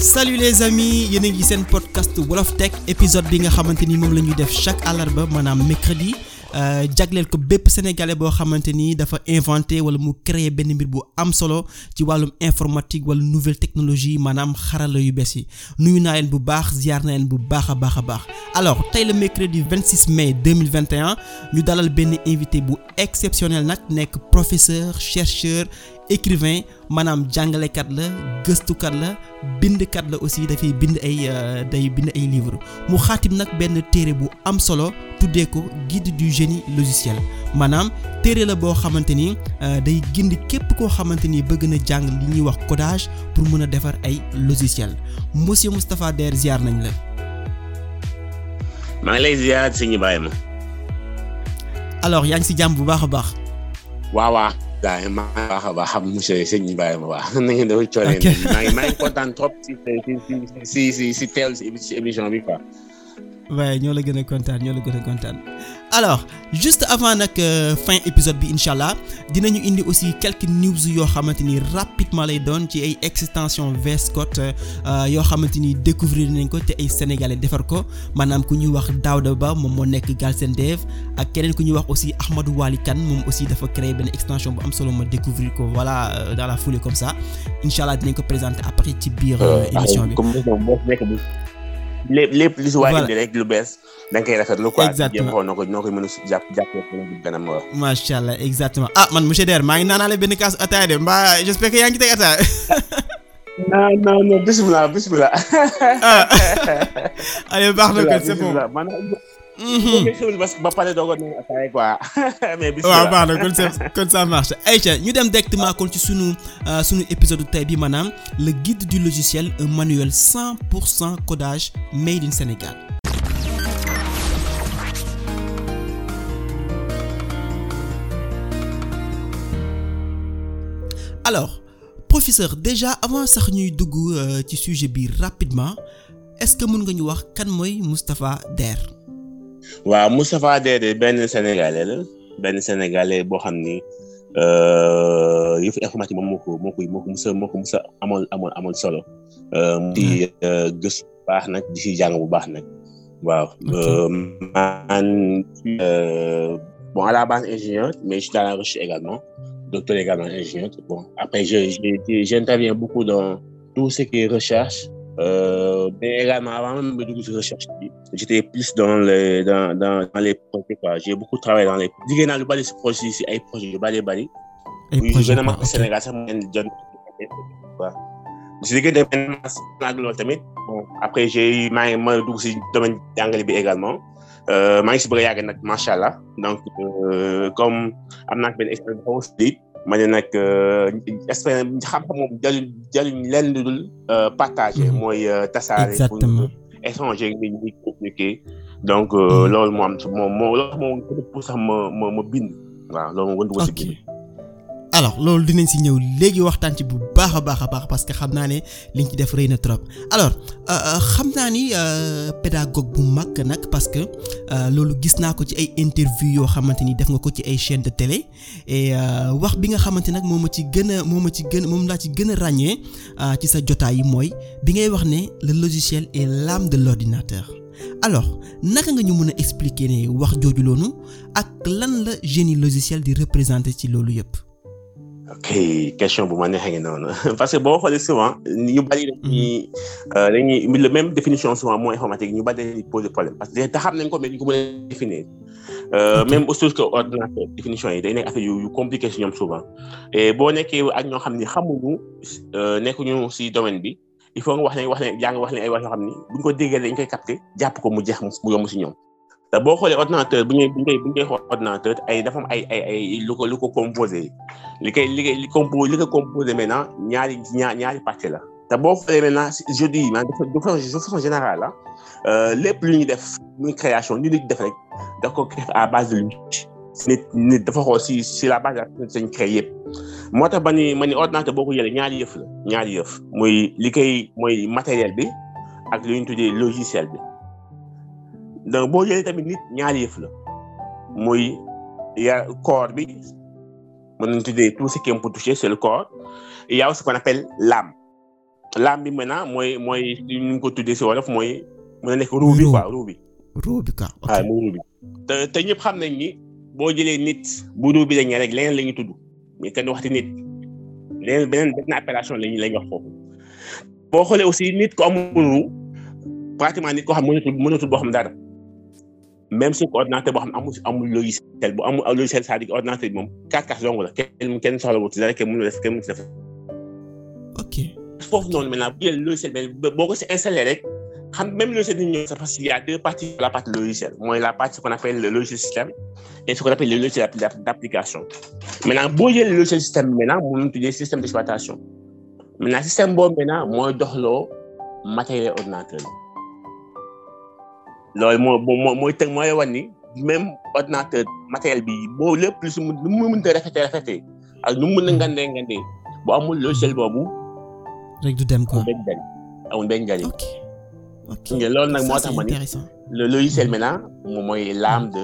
salut les amis yéen a ngi seen podcast Wolof teg épisode bi nga xamante ni moom la ñuy def chaque àllarba maanaam mercredi euh, jagleel ko bépp sénégalais boo xamante ni dafa inventé wala mu créer benn mbir bu am solo ci wàllum informatique wala nouvelle technologie maanaam xarala yu bees yi nuyu naa leen bu baax ziar naa leen bu baax a baax a baax alors tey le mercredi 26 mai 2021 ñu dalal benn invité bu exceptionnel nag nekk professeur chercheur écrivain maanaam jàngalekat la gëstukat la bindkat la aussi dafay bind ay euh, day bind ay livre mu xaatim nag benn téere bu am solo tuddee ko guide du génie logiciel maanaam téere la boo xamante ni euh, day gind képp koo xamante ni bëgg na jàng li ñuy wax codage pour mën a defar ay logiciel monsieur Moustapha Der ziar nañ la. maa ngi lay ziar sëñ Ibrahima. yaa ngi si jàmm bu baax a baax. waaw Ibrahima baax a baax monsieur sëñ Ibrahima baax na ngeen def coono maa ngi maa ngi kontaan trop si si si si si teewlu émission bi quoi. waaye ñoo la gën a kontaan ñoo la gën a kontaan alors juste avant nag euh, fin épisode bi incha allah dinañu indi aussi quelques news yoo xamante ni rapidement lay doon ci ay extension VS Code euh, yoo xamante ni découvrir nañ ko te ay sénégalais defar ko maanaam ku ñuy wax Daouda Ba moom moo nekk Galsen Dev ak keneen ku ñuy wax aussi Ahmadou Wali Kane moom aussi dafa créer den extension bu am solo ma découvrir ko voilà euh, dans la foulée comme ça incha allah dinañ ko présenter après ci biir émission lépp lépp li si waay indi lu bees da nga koy rafetlu quoi. exactement jéem xool noo ko noo koy mën a jàpp jàppee gën a ma wax. ah man monsieur Der maa ngi naanaale benn kaas ataaya de mbaa j'espère que yaa ngi ci teg ataaya. Ah, non non non bisimilah bisimilah. ah. allez baax ba pare doog a nuyu ataay quoi mais ñu dem directement kon ci sunu euh, sunu épisode tey bi maanaam le guide du logiciel un manuel 100 pour cent codage made in Sénégal. alors professeur déjà avant sax ñuy dugg euh, ci sujet bi rapidement est-ce que mën nga ñu wax kan mooy Moustapha Der. waaw Moustapha Dédé benn sénégalais la benn sénégalais boo xam ni euh, yëf informatique moom moo ko moo ko moo ko musa moo ko musa amoon amoon amoon solo. Euh, di euh, gëstu bu baax nag di jàng bu baax nag. waaw man bon à la base ingénieur mais je suis recherche également docteur également ingénieur après je je beaucoup dans tout ce qui recherche. mais également, avant même de dugg si recherche bi, j'étais plus dans les dans J'ai beaucoup travaillé dans les liggéey naa si projet si ay projets yu bari bari. ay projets yu bari Sénégal sax mu ngi leen di jot. waaw si liggéey demee naa tamit après j'ai eu maa ngi ma dugg si domaine jàngale bi également. Euh, maa ngi si bëgg a yàgg nag macha allah donc euh, comme am naa benn expérience ma ne nag espère euh, xam-xam moom jëriñ jëriñ lenn lu euh, mhm. mooy euh, tasaare. exactement pour échanger nit ñi communiquer. donc mhm. loolu moo am moom moo pour sax ma ma ma bind. waaw loolu moom wëndu ko alors loolu dinañ si ñëw léegi waxtaan ci bu baax a baax a baax parce que xam naa ne liñ ci def rëy na trop alors euh, euh, xam naa ni euh, pédagogue bu mag nag parce que loolu gis naa ko ci ay interview yoo xamante ni def nga ko ci ay chaine de télé et wax bi nga xamante nag moom ma ci gën a moo ma ci gën moom laa ci gën a ràññee ci sa jotaay yi mooy bi ngay wax ne le logiciel est l'âme de l'ordinateur alors naka nga ñu mën a expliquer ne wax jooju loonu ak lan la génie logiciel di représenter ci loolu yëpp. ok question bu ma neexee ngi noonu parce que boo xoolee souvent ñu bari dañuy mm-hmm. euh, dañuy le même définition souvent mooy informatique ñu bari dañuy poser problème parce que da xam nañ ko mais ñu ko mën a euh, ordinateur définition yi day nekk affaire yu compliqué si souvent et boo nekkee ak ñoo xam ne xamuñu euh, nekkuñu si domaine bi il faut nga wax ne wax ne wax ne ay wax yoo xam ni buñ ko déggee dañ koy capter jàpp ko mu jeex mu yomb si ñoom te boo xoolee ordinateur bu ngay bu ngay bu ngay xool ordinateur ay dafa am ay ay ay lu ko lu ko composé li koy li koy li compo li ko composé ñaari ñaar ñaari partie la te boo xoolee maintenant je dis maanaam de façon de façon générale ah lépp lu ñuy def muy création lu nit def rek da ko créé à base de lutte nit nit dafa xool si la base de la créé yëpp moo tax ba ni ma ordinateur boo ko jëlee ñaari yëf la ñaari yëf mooy li koy mooy matériel bi ak lu ñu tuddee logiciel bi. donc boo jëlee tamit nit ñaar yëf la muy ya corps bi mën nañu tuddee tout ce qui peut toucher c'est le corps il y a lam ce qu'on appelle bi maintenant mooy mooy ñu ko tuddee si wolof mooy mën na nekk bi quoi ruu ñëpp xam nañ ni boo jëlee nit bu ruu bi la ñu rek leneen la tudd mais kenn nit leneen beneen benn appellation la ñu la wax foofu. xoolee aussi nit ko amul ruu pratiquement nit koo xam mënatul mënatul boo xam dara. même suñ ordinateur boo xam ne amul amul logiciel bu amul logiciel cest à moom kaas kaas dong la kenn kenn soxla wut boo ko si rek xam même logiciel bi ñëw sax parce qu'il y a deux parties la partie logiciel mooy la partie qu'on appelle le logiciel système et ce qu'on appelle le logiciel d'application. maintenant boo jëlee logiciel système bi maintenant mu ngi tuddee système d'exploitation maintenant système boobu maintenant mooy doxaloo matériel ordinateur lool moo moo mooy tënk mooy wan ni même ordinateur matériel bi boo lépp lu si mu lu mu mënta rafetee rafetee ak nu mu mën a ngandee ngandee amul logiciel boobu. rek du dem quoi benn njariñ amul benn njariñ. ok ok loolu nag moo tax ma ni le logiciel maintenant moom mooy l'âme de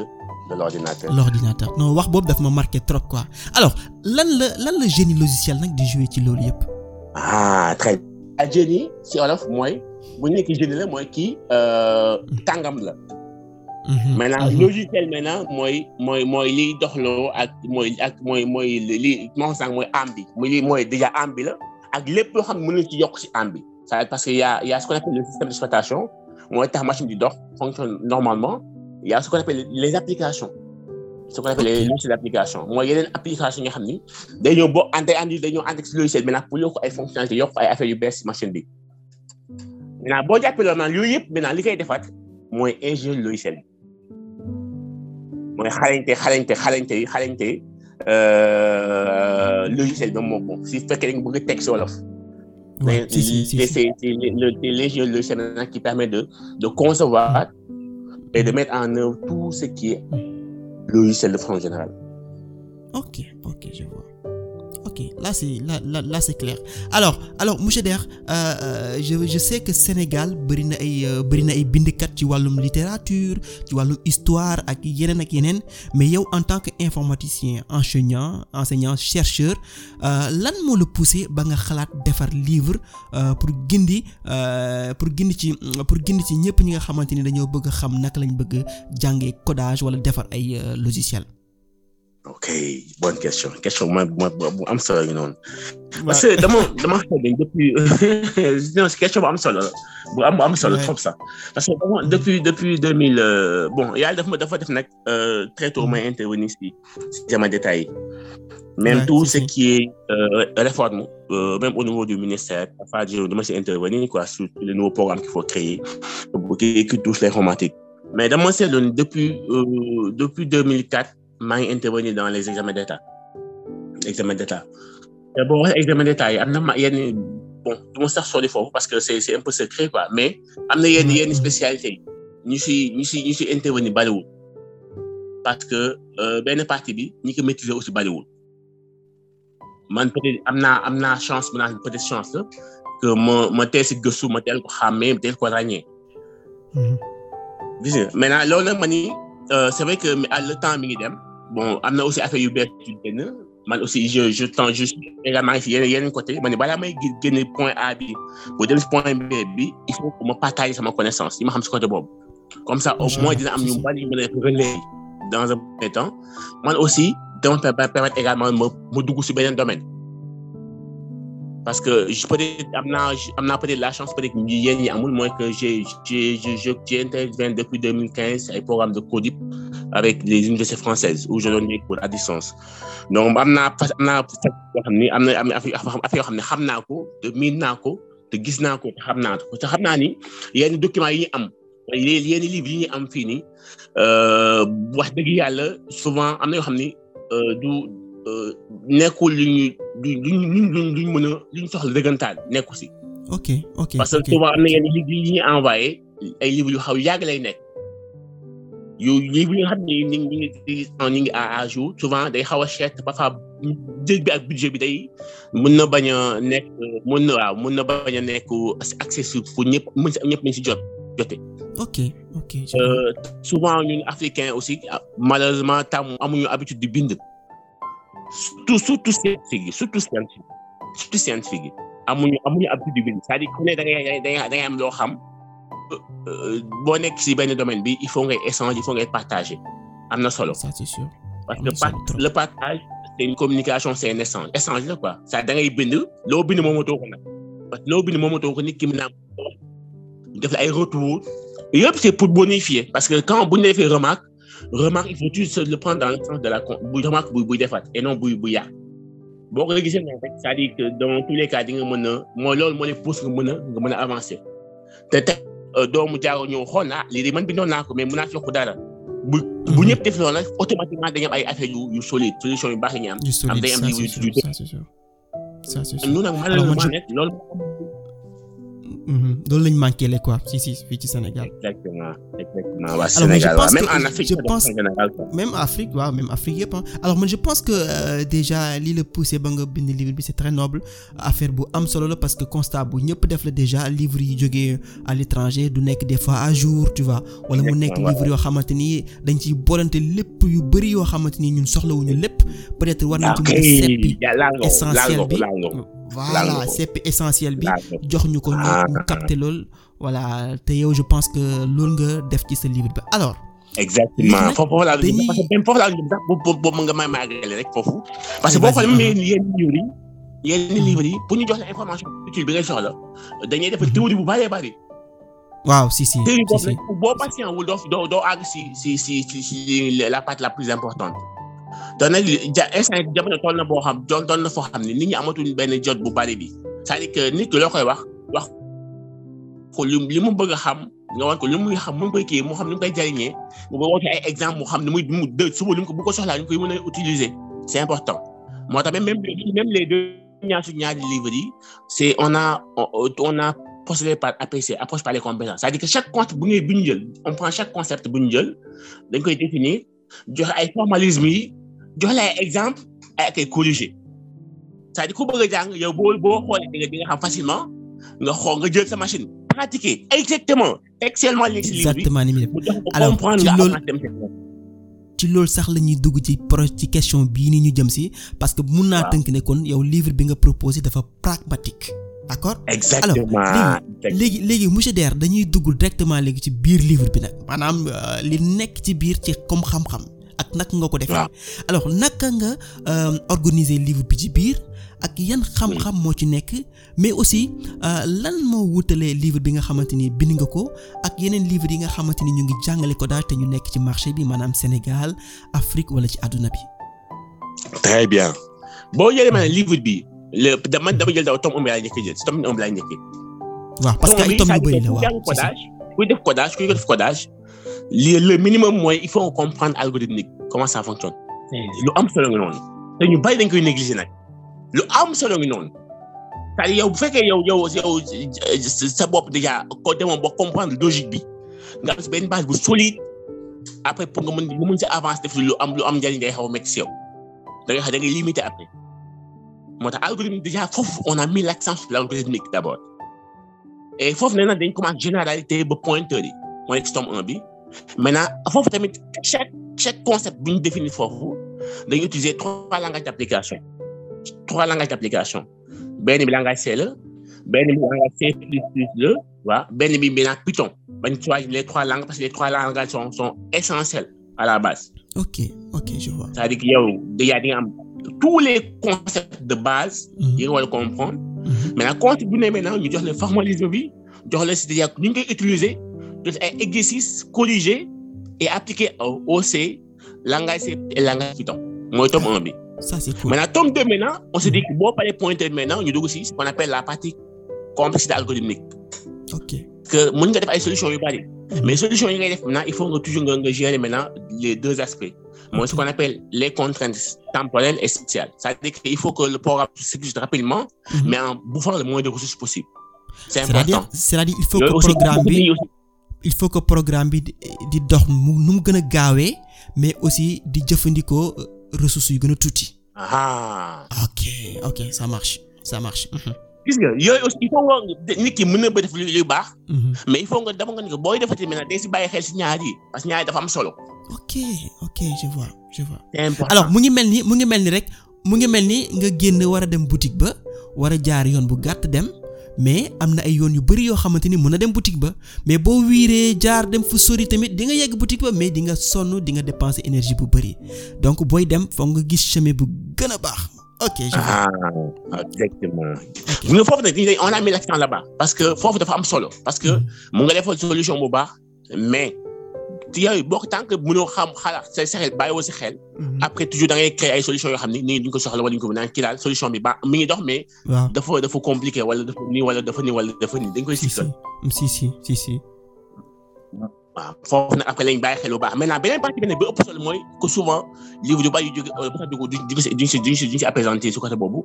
de l'ordinateur. l'ordinateur non wax boobu daf ma marqué trop quoi alors lan la lan la génie logiciel nag di jouer ci loolu yëpp. ah très bien. génie si wolof mooy. bu ñu nekkee jeudi la mooy kii euh, tàngam la. Mhm. maintenant ah, ah. logiciel maintenant mooy mooy mooy liy doxloo ak mooy ak mooy mooy li moo mooy am bi muy mooy déjà am bi la ak lépp loo xam ne mën na yokk si am bi. c'est parce que y' a y' a ce qu'on le système d'exploitation mooy tax machine di dox fonctionne normalement y' a ce qu'on appelle les applications. ce qu'on appelle les logiciels d'application mooy yeneen application yi nga xam ni dañoo boo ànd day ànd dañoo ànd ak logiciel maintenant pour yokk ay fonctionnalités yokk ay bi. maintenant boo jàppee loolu maanaam yooyu yëpp maintenant li koy defaat mooy ingénieur logiciel mooy xarañte xarañte xarañte yi xarañte euh, logiciel bi moom moom si fekkee dañ bëgg a teg si wolof. waaw si si si c'est l'ingénieur logiciel maintenant qui permet de de concevoir et de mettre en œuvre tout ce qui est logiciel de façon générale. ok là c'est là la là c'est clair alors alors monsieur Der euh, euh je sais que Sénégal bëri na ay euh, bëri na ay bindkat ci wàllum littérature ci wàllum histoire ak yeneen ak yeneen mais yow en tant que informaticien enseignant enseignant chercheur euh, lan moo la poussé ba nga xalaat defar livre pour gindi pour gindi ci pour gindi ci ñëpp ñi nga xamante ni dañoo bëgg xam naka lañ bëgg jàngee codage wala defar ay logiciel ok bonne question question ma ma am solo la noonu. parce que dama dama xamante am solo bu am am solo trop sa parce que depuis depuis deux mille euh, bon yàlla dafa dafa def nag très tôt mm. may intervenir si si sama détail même tout ce qui est euh, réforme euh, même au niveau du ministère dafa jël dama si intervenir quoi sur les nouveaux programmes qu'il faut créer qui depuis deux mille quatre maa ngi intervenir dans les examens d'état examen d'état te boo waxee examen d'état yi am na ma yenn bon du ma sax sori foofu parce que c'est c'est un peu secret quoi mais am na yenn yenn mm. spécialité yi ñu si ñu si ñu si intervenir bariwul parce que euh, benn partie bi ñi ko maîtriser aussi bariwul man peut-être am naa am naa chance bu naan peut-être chance que ma ma teel si gëstu ma teel ko xàmmee ma teel ko ràññee. Mm-hmm. gis nga maintenant loolu nag euh, c'est vrai que à ah, le temps mi ngi dem. bon ah. am na aussi affaire yu bees yu génn man aussi je je tends juste également si yeneen yeneen côté ma ne balaa may génne point A bi pour dem si point B bi il faut que ma partage sama connaissance yi ma xam si côté boobu comme ça au moins dina am ñu bari ñu mën a relais dans un premier temps man aussi dama permettre également ma ma dugg si beneen domaine. parce que je peut-être am naa am naa peut-être la chance peut-être yéen ñi amul mooy que j'ai j'ai j'ai intervenu depuis 2015 ay programme de CODIP avec les universités françaises où je donne des cours à donc am naa am naa yoo xam xam ne xam ko te miin naa ko te gis naa ko te xam ko te xam ni yenn documents yi am yenn livres yi am fii nii euh, wax dëgg yàlla souvent am na yoo xam ni euh, du. Euh, nekkul li luñ duñ duñ duñ mën a li ñu soxla nekku si. ok ok parce que souvent am na yenn li li ñuy envoyé ay livres yu xaw yàgg lay nekk yu livres yi nga xam ne ñu ngi ñu ngi ñu ngi à souvent day xaw a cher parfois njëg bi ak budget bi day mën na bañ nekk mën na waaw mën na bañ a nekk accessible pour ñëpp mën si ñëpp mën si jot jote. ok ok. Euh, souvent ñun africain aussi ah, malheureusement tam amuñu habitude di bind. surtout surtout scientifique yi surtout scientifique surtout scientifique yi amuñu amuñu habitude bi c'est-à-dire ku ne da ngay loo xam euh, euh, boo nekk si benn domaine bi il faut ngay échanger il faut ngay partager am na solo. ça c'est parce que part le partage c'est une communication c'est un échange échange la quoi. ça da ngay bind loo bind moomatoo ko nag parce que loo bind moomatoo ko nit ki def la ay retour yëpp c'est pour bonifier parce que quand bu ñu remarque il faut juste le prendre dans le sens de la bu remarque buy buy defaat et buy buy boo ko gisee en fait dans tous les cas di nga mën a mooy loolu moo lay pousse nga mën a nga mën te tey doomu jaaroo ñëw xool naa lii man bindoon naa ko mais mën dara bu bu ñëpp automatiquement dañu ay affaires yu yu solide yu baax yi ñu am. yu yu yu yu yu yu yu Mhm. loolu lañ manqué les quoi si si fii ci Sénégal. exactement même en Afrique je pense même Afrique waaw même Afrique yëpp alors man je pense que euh, déjà lii la poussé ba nga bind livre bi c'est très noble affaire bu am solo la parce que constat bu ñëpp def la déjà livre yi jógee à l'étranger du nekk des fois à jour tu vois. wala mu nekk livre yoo xamante ni dañ ciy bolante lépp yu bëri yoo xamante ni ñun soxlawuñu lépp peut-être war nañ ci mën ah, seppi essentiel bi. voilà CP essentiel bi jox ñu ko ah. ñu capté lool voilà te yow je pense que loolu nga def ci sa livre bi alors. exactement foofu laa dañuy parce que même foofu laa dañuy sax nga may maagale rek foofu. parce que boo xoolee même yenn livres yi yenn hmm. livres yi ñu jox la information bi ngay soxla dañuy def théorie bu bëree bëri. waaw si si si si théorie boobu boo patient wul doo doo àgg si si si si la partie la plus importante. doon nañ ja instant jamono toll na boo xam doon doon na foo xam ne nit ñi amatuñ benn jot bu bari bi cest à que nit ki koy wax wax ko li li bëgg a xam nga wan ko li muy xam mu ngi koy kii mu xam ni mu koy jariñee mu koy woote ay exemple mu xam ni muy mu dë suba lu ko bu ko soxlaa ñu koy mën a utiliser c'est important moo tax même même les deux ñaar su ñaari livres yi c'est on a on a procédé a APC approche par les compétences cest que chaque concept bu ngay bu ñu jël on prend chaque concept bu ñu jël dañ koy définir joxe ay formalisme jox la exemple ay ak ay corrigé cest à ku bëgg a jàng yow boo boo xoolee di nga nga xam facilement nga xool nga jël sa machine. pratiquer exactement textuellement li ci livre bi exactement ni muy def alors ci loolu ci loolu sax la ñuy dugg ci pro ci question bii nii ñu jëm si parce que mun naa tënk nekkoon yow livre bi nga proposé dafa pragmatique. accord exactement alors léegi léegi monsieur Der dañuy dugg directement léegi ci biir livre bi nag maanaam euh, li nekk ci biir ci comme xam ak naka nga ko defee alors naka nga euh, organiser livre bi ci biir ak yan xam-xam moo ci nekk mais aussi euh, lan moo wutalee livre bi nga xamante ni bind nga ko ak yeneen livre yi nga xamante ni ñu ngi jàngale ko daal te ñu nekk ci marché bi maanaam Sénégal Afrique wala ci àdduna bi très bien boo jëlee maanaam hmm. livre bi le dama dama jël daw tome omb laa njëkk jël tome omb laa njëkk waaw parce que ay tome yu bëri la waaw kuy def codage kuy def codage li le minimum mooy il faut comprendre algorithmique comment ça fonctionne. lu am solo nga noonu. te ñu bari dañ koy négliger nag. lu am solo nga noonu. yow bu fekkee yow yow yow sa bopp déjà ko demoon ba comprendre logique bi nga am benn base bu solide après pour nga mën nga mën si avancer def lu am lu am njëriñ day xaw a métti si yow da da ngay limiter après moo tax algorithme déjà foofu on a mis l'accent sur l'algorithmique d'abord. e foofu nee na dañ commencé généralité ba pointeur yi mooy tome un bi maintenant foofu tamit chaque chaque concept bu ñu définir foofu dañuy utiliser trois langages d'application trois langages d'application benn bi langage C la e, benn bi langage C plus plus la waaw benn bi maintenant Python bañ choisir les trois langues parce que les trois langages sont sont à la base. ok ok je vois. dire que yow déjà di am tous les concepts de base. yi mm-hmm. nga Mm-hmm. maintenant compte bu ne maintenant ñu jox le formalisme bi jox leen c'est-à-dire ñu ngi koy utiliser def ay exercices corrigés et appliqués au au C langage C et langage Python mooy tome 1 bi. ça c'est cool on se dit que boo paree pointé maintenant ñu dugg ci ce la partie complexité algorithmique. que mën nga def ay solutions yu bari. mais solution yi ngay def maintenant il faut nga toujours nga gérer maintenant les deux aspects. Moi, ce qu'on appelle les contraintes temporelles et spatiales. C'est-à-dire qu'il faut que le programme se glisse rapidement, mm -hmm. mais en bouffant le moins de ressources possible. C'est important. C'est-à-dire il faut que programme bi il faut que programme bi di dox mu nu mu gën a gaawee mais aussi di jëfandikoo euh, ressources yu gën a tuuti. Ah. Ok, ok, ça marche, ça marche. Mhm. gis nga yooyu aussi il faut nga nit ki mën ba def luy baax. Mhm. mais il nga dama nga ni ko booy defati maintenant dañ si bàyyi xel si ñaar yi parce que dafa am solo. ok ok je vois je alors mu ngi mel ni mu ngi mel ni rek mu ngi mel ni nga génn war a dem boutique ba war a jaar yoon bu gàtt dem mais am na ay yoon yu bari yoo xamante ni mën na dem boutique ba mais boo wiiree jaar dem fu sori tamit di nga yegg boutique ba mais di nga sonn di nga dépenser énergie bu bari donc booy dem nga gis chemin bu gën a baax. ok je ah exactement. ñu foofu nag dañuy on a mis l'accent là parce que foofu dafa am solo parce que mu nga defal solution bu baax mais yooyu boo ko tant que mënoo xam xalaat sa xel bàyyiwoo sa xel. Mm. après toujours da créer ay solution yoo xam ni nii duñ ko soxla wala duñ ko mën a kii daal solution bi ba mi ngi dox mais. dafa dafa compliqué wala dafa nii wala dafa nii wala dafa nii dañ waaw nag après lañ bàyyi xel bu baax beneen partie bi nag bi ëpp solo souvent livre yu bari euh, ba sax dugg duñ si si duñ si duñ si appesantir su côté boobu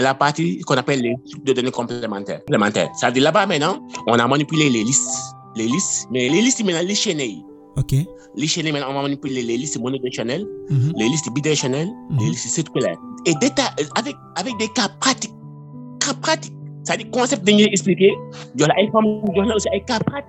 la partie qu'on appelle les données complémentaires complémentaires cest là-bas maintenant on a manipulé les listes les listes mais les listes yi maintenant les chaînes yi. ok les chaînes les listes monodirectionnelles. Mm-hmm. les listes bidirectionnelles. Mm-hmm. les listes euh, avec des cas pratiques cas pratiques cest dire concept dañuy expliquer jox la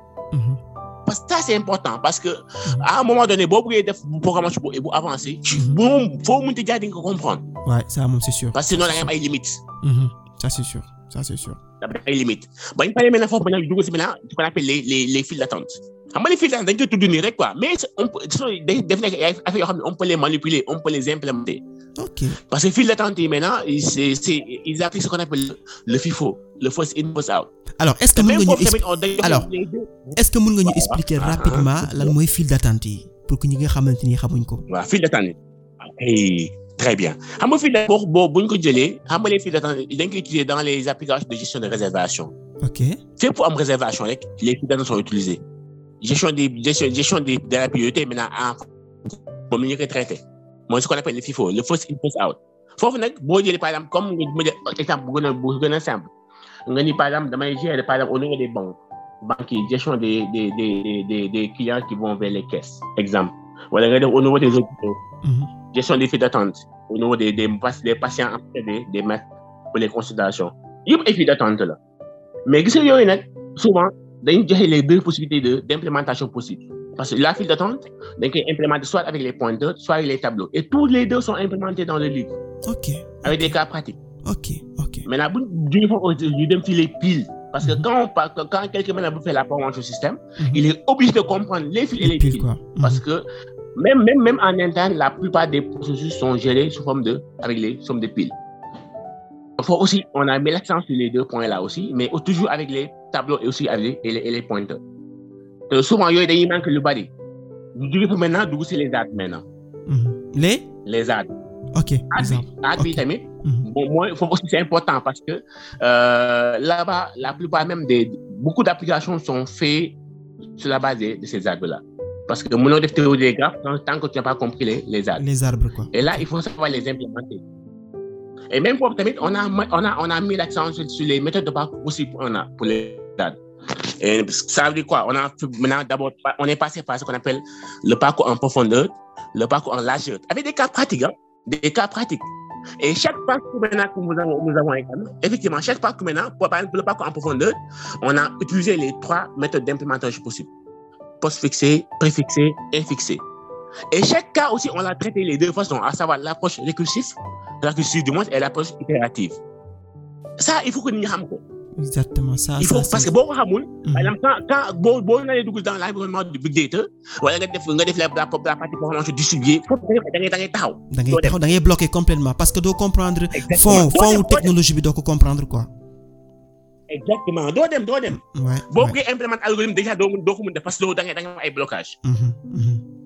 parce que ça c'est important parce que mm-hmm. à moment donné boo buggee def programmation boobu bu avancé. Mm-hmm. moom foo mënti jaar comprendre. waaw ça c'est sûr. parce que sinon da ngay am ay limites. Mm-hmm. ça c'est sûr ça c'est sûr. da ngay am ay limites ba ñu paree maintenant si maintenant ce les les d'attente. xam les files d'attente dañ koy tudd rek quoi mais on peut ay affaires yoo xam ne on peut les manipuler on peut les implémenter. Okay. Parce que Phil Tanti, maintenant, c'est, c'est, ils appliquent ce qu'on appelle le FIFO, le first in, first out. Alors, est-ce que mun nga ñu expliquer rapidement ah, lan mooy file d'attente yi pour que ñi nga xamante ni xamuñ ko. waaw file d'attente yi. Eh, très bien xam nga file d'attente boobu bu ko jëlee xam nga les applications de gestion de réservation. ok fépp pour am réservation rek les files d'attente sont utilisées gestion des gestion gestion des de la priorité maintenant en mooy ce qu'on appelle le FIFO le first in first out foofu nag boo jëlee par exemple comme nga jël exemple bu a bu a simple nga ni par damay gérer par exemple au niveau des banques banques gestion des clients qui vont vers les caisses exemple wala nga def au niveau des hôpitaux mhm. gestion des files d'attente au niveau des des des patients des maîtres pour les consultations yëpp ay d'attente la mais gis nga yooyu nag souvent dañu joxe les deux possibilités de d'implémentation Parce que la file d'attente, donc, est implémentée soit avec les pointeurs, soit avec les tableaux. Et tous les deux sont implémentés dans le livre. Avec des cas pratiques. OK, OK. Maintenant, les piles. Parce que mhm. quand, quand quelqu'un fait la performance au système, mhm. il est obligé de comprendre les fils et les piles. Mhm. Parce que même, même, même en interne, la plupart des processus sont gérés sous forme de, avec les Faut aussi, on a mis l'accent sur les deux points là aussi, mais toujours avec les Euh, souvent yooyu dañuy manqué lu bari ñu jóge fa maintenant dugg si les arts maintenant. Mm-hmm. ok exemple art bi tamit. moom mm-hmm. mooy aussi c'est important parce que euh, la plupart même des beaucoup d'applications sont faites sur la base de ces arbres-là parce que mënoo def théorie des graphes tant que tu n'as pas compris les les et là il faut savoir les implémenter. et même foofu tamit on a a on a mis l'accent sur les méthodes de parcours aussi pour on les arbres. Et ça veut dire quoi a maintenant d'abord, on est passé par ce qu'on appelle le parcours en profondeur, le parcours en largeur, avec des cas pratiques, des cas pratiques. Et chaque parcours maintenant que effectivement, chaque parcours maintenant, pour, le parcours en profondeur, on a utilisé les trois méthodes d'implémentation possibles post-fixé, préfixé, infixé. Et chaque cas aussi, on l'a traité les deux façons, à savoir l'approche récursive, récursive du monde, et l'approche itérative. Ça, il faut que nous exactement ça. il faut parce que boo ko xamul. par mm. exemple quand quand boo boo nga dugg dans l'environnement du big data wala nga def nga def la la la partie performance distribuée foofu da ngay da ngay taxaw. da ngay taxaw da ngay bloqué complètement parce que doo comprendre. fond fond technologie bi doo ko comprendre quoi. exactement doo dem doo dem. boo bëggee implémenter algorithme déjà doo ko mën doo ko mën def parce que loolu da ngay da ngay am ay blocage. Mm-hmm, mm-hmm.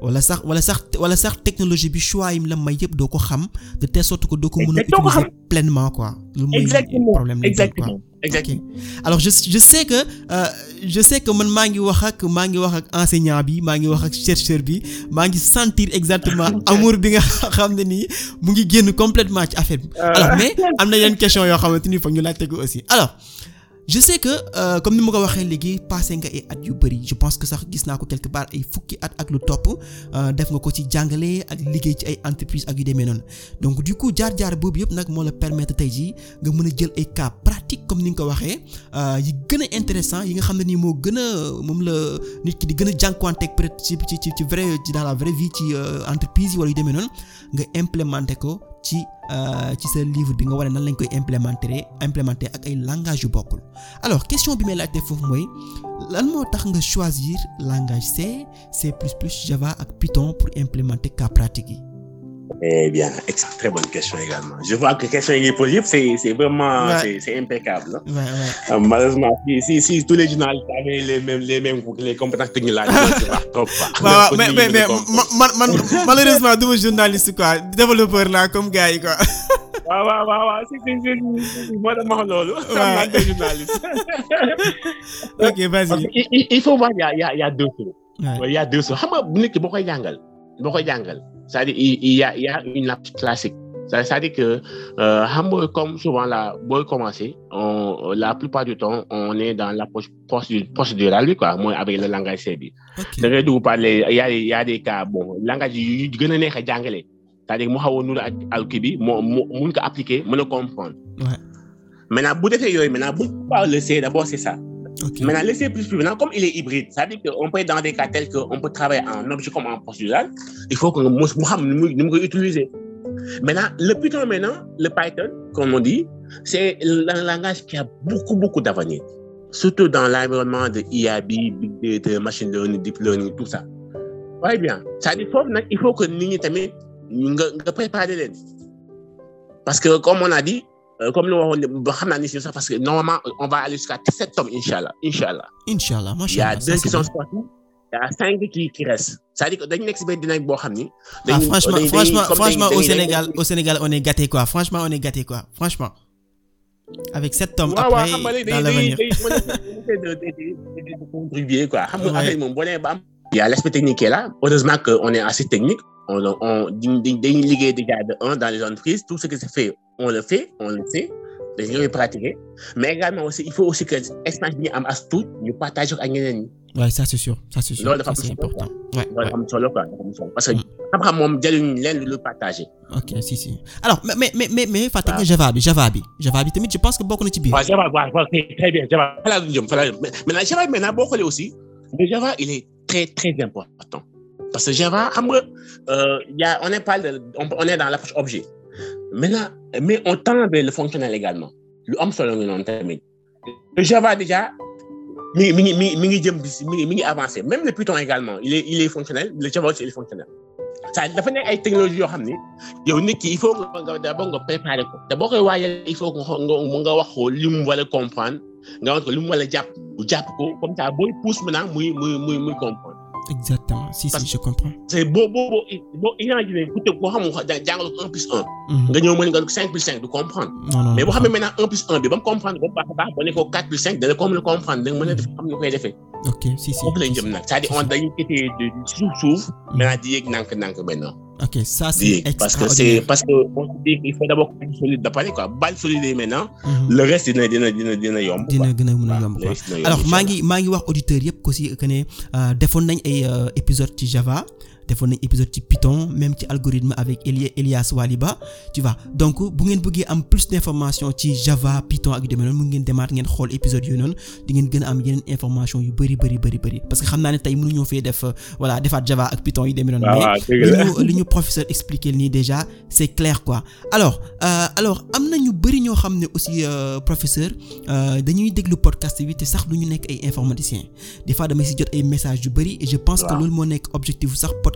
wala sax wala sax wala sax technologie bi choix yim la may yëpp doo ko xam te telle sorte que doo ko mën a utiliser pleinement quoi lu mooy problème exactement exactement alors je je sais que euh, je sais que man maa ngi wax ak maa ngi wax ak enseignant bi maa ngi wax ak chercheur bi maa ngi sentir exactement amour bi nga xam ne nii mu ngi génn complètement ci affaire bi euh, alors mais am na yeneen question yoo xamante ni foog ñu laa ko aussi alors je sais que euh, comme ni ma ko waxee léegi passé nga ay at yu bëri je pense que sax gis naa ko quelque part ay fukki at ak lu topp euh, def nga ko ci jàngale ak liggéey ci ay entreprise ak yu demee noonu donc di ko jaar-jaar boobu yëpp nag moo la permettre tey jii nga mën a jël ay cas pratique comme ni nga ko waxee euh, yi gën a intéressant yi nga xam ne nii moo gën a moom la nit ki di gën a jànkuwanteeg peut-être ci ci ci vrai dans la vraie vie ci entreprise yi wala demee noonu nga implémenter ko. ci euh, ci sa livre bi nga wane nan lañ koy implémenter implémenter ak ay langage yu bokkul alors question bi may laajte foofu mooy lan moo tax nga choisir langage C C++ Java ak Python pour implémenter cas pratique yi. Eh bien, très bonne question également. Je vois que question est possible, c'est vraiment c'est impeccable. Hein? Ouais, euh, si, si, tous les journalistes avaient les mêmes, les les compétences techniques là, bah, mais, mais, mais ma, ma, développeur là, comme gars, quoi. waaw waaw waaw si si si moo tax ma wax loolu. waaw journaliste. ok vas-y. il faut voir y a y a y a deux choses. waaw y a deux choses xam nga bu koy jàngal cest dire il y a il y a une lapse classique c'est-à-dire que xam euh, comme souvent la booy commencé on la plupart du temps on est dans l'approche procédurale bi quoi mooy avec le langage C bi. ngay dugg parler y a y a des cas bon langage yu gën a neex a jàngale c'est-à-dire mu xaw a nuru ak ak kii bi mu mu mun ko appliquer mën a comprendre. maintenant bu defee yooyu c'est ça. Okay. Maintenant, le C++, maintenant, comme il est hybride, ça veut dire qu'on peut dans des cas tels qu'on peut travailler en objet comme en procedural, il faut qu'on nous utiliser. Maintenant, le Python, maintenant, le Python, comme on dit, c'est un langage qui a beaucoup, beaucoup d'avenir. Surtout dans l'environnement de IAB, Big Data, Machine Learning, Deep Learning, tout ça. Oui, bien. Ça dit, il faut que nous, nous, nous, nous, nous, Parce que, comme on a dit, Euh, comme li ma waxoon ba xam naa ni si sax parce que normalement on va aller jusqu'à 17 tomes inchallah inchallah inchallah machallah il y a a boo xam ni. Ah, dañuy franchement franchement franchement au Sénégal au Sénégal on est gâté quoi franchement on est gâté quoi franchement. avec sept tomes après dans l'avenir am. il y a l'aspect technique qui est là heureusement que on est assez technique on on dañuy liggéey déjà un dans les entreprises tout ce qui se fait. on le fait on le sait dañu koy pratiquer mais également aussi il faut aussi que espace bi ñu am as partager ak ñeneen ñi. waaw ça c'est sûr ça c'est sûr loolu dafa solo quoi parce que xam-xam moom jëluñu partager. ok si si alors mais mais mais mais Java bi Java bi Java bi tamit je pense que na Java bi maintenant boo xoolee aussi le Java il est très très important parce que Java xam nga euh, a on est pas dans l'approche objet. maintenant mais on temps le fonctionnel également lu am solo nga noonu tamit le Java déjà mi mi ngi mi mi ngi jëm mi ngi mi ngi avancé même le Python également il est fonctionnel le Java aussi il est fonctionnel cest dafa nekk ay technologies yoo xam ni yow nit ki il faut nga d'abord nga préparer ko te boo koy waajal il faut nga nga wax ko li mu war a comprendre nga wax ko li mu war a jàpp jàpp ko comme ça booy pousse maintenant muy muy muy muy comprendre. exactement si si je comprends. parce boo boo boo boo imaginer bu tëb boo un plus un. Mm-hmm. nga ñëw mën nga cinq plus cinq du comprendre. mais boo xam ne maintenant un plus un bi ba comprendre ba mu baax a quatre plus cinq dana ko mën comprendre danga mën def xam ne koy defee. ok si si foofu lañ jëm nag c'est-à-dire ok ça c'est parce que parce que il faut d'abord balle solide ba pare quoi balle solide mhm. le reste dina dina dina yomb. dina gën a mën a yomb quoi alors maa ngi maa ngi wax auditeurs yëpp aussi que ne euh, defoon nañ ay euh, épisode ci Java. defoon nañ épisode ci Python même ci algorithme avec Elias Waliba tu vois donc bu ngeen bëggee am plus d'information ci Java Python ak yu noonu mu ngeen demaat ngeen xool épisode yooyu di ngeen gën a am yeneen information yu bari bari bari bari parce que xam naa ne tey mënuñoo fee def euh, voilà defaat Java ak Python yu demee noonu mais li ñu li ñu professeur nii déjà c'est clair quoi alors euh, alors am na ñu bari ñoo xam ne aussi euh, professeur